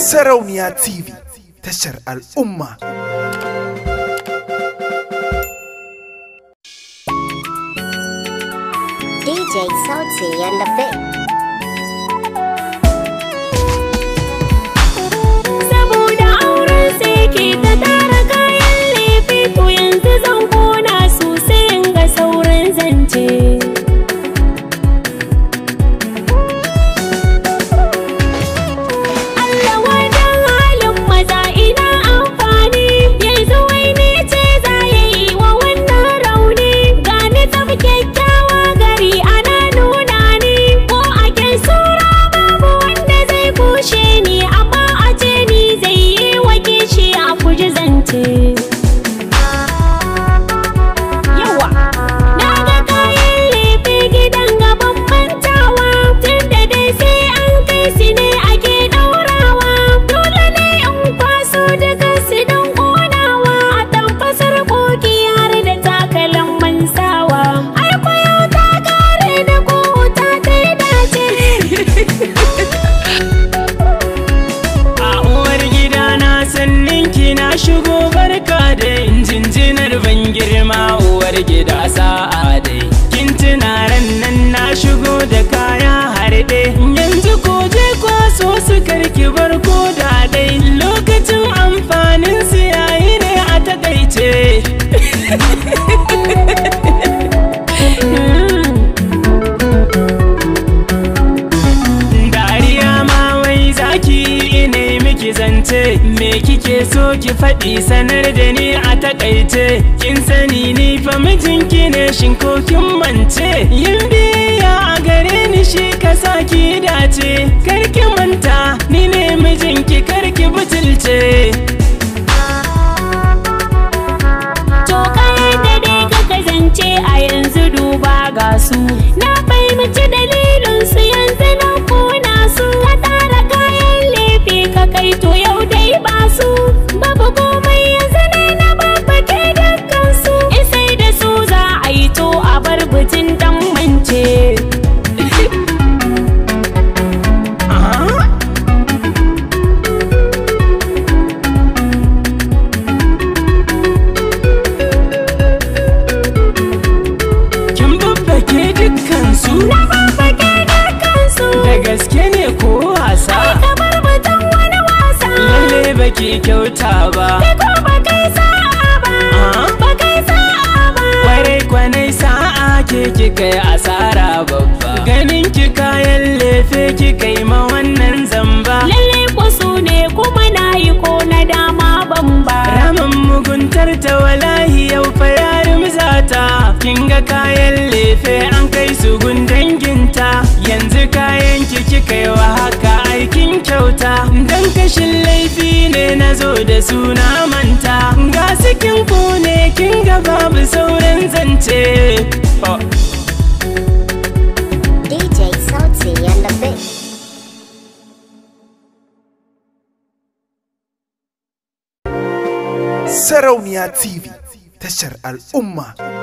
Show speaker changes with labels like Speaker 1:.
Speaker 1: Sarauniya TV tashar al'umma.
Speaker 2: DJ Salty and the Big. chances
Speaker 1: zubar koda dai lokacin amfanin su yayi ne a takaice dariya ma wai zaki ne miki zance me kike so ki faɗi sanar da ni a takaice kin sani ni fa mijinki ne shin ko kin mance yin biya a gare ni shi ka saki dace Kar ki mun. butulce fage na kansu da gaske ne ko wasa ai kamar batun wani wasa lalle baki kyauta ba ko ba kai sa'a ba ba kai sa'a ba kwarai kwanai sa'a ke kika asara babba ganin ki kayan lefe kika yi ma wannan zamba lalle kwaso ne kuma na yi ko na dama bamba ramin muguntar ta walahi yau fa yarim zata kinga kayan lefe an kai Rashin laifi ne na zo da suna manta Ga sikin ku kin ga babu sauran zance oh.
Speaker 2: Sarauniya
Speaker 1: TV tashar al'umma.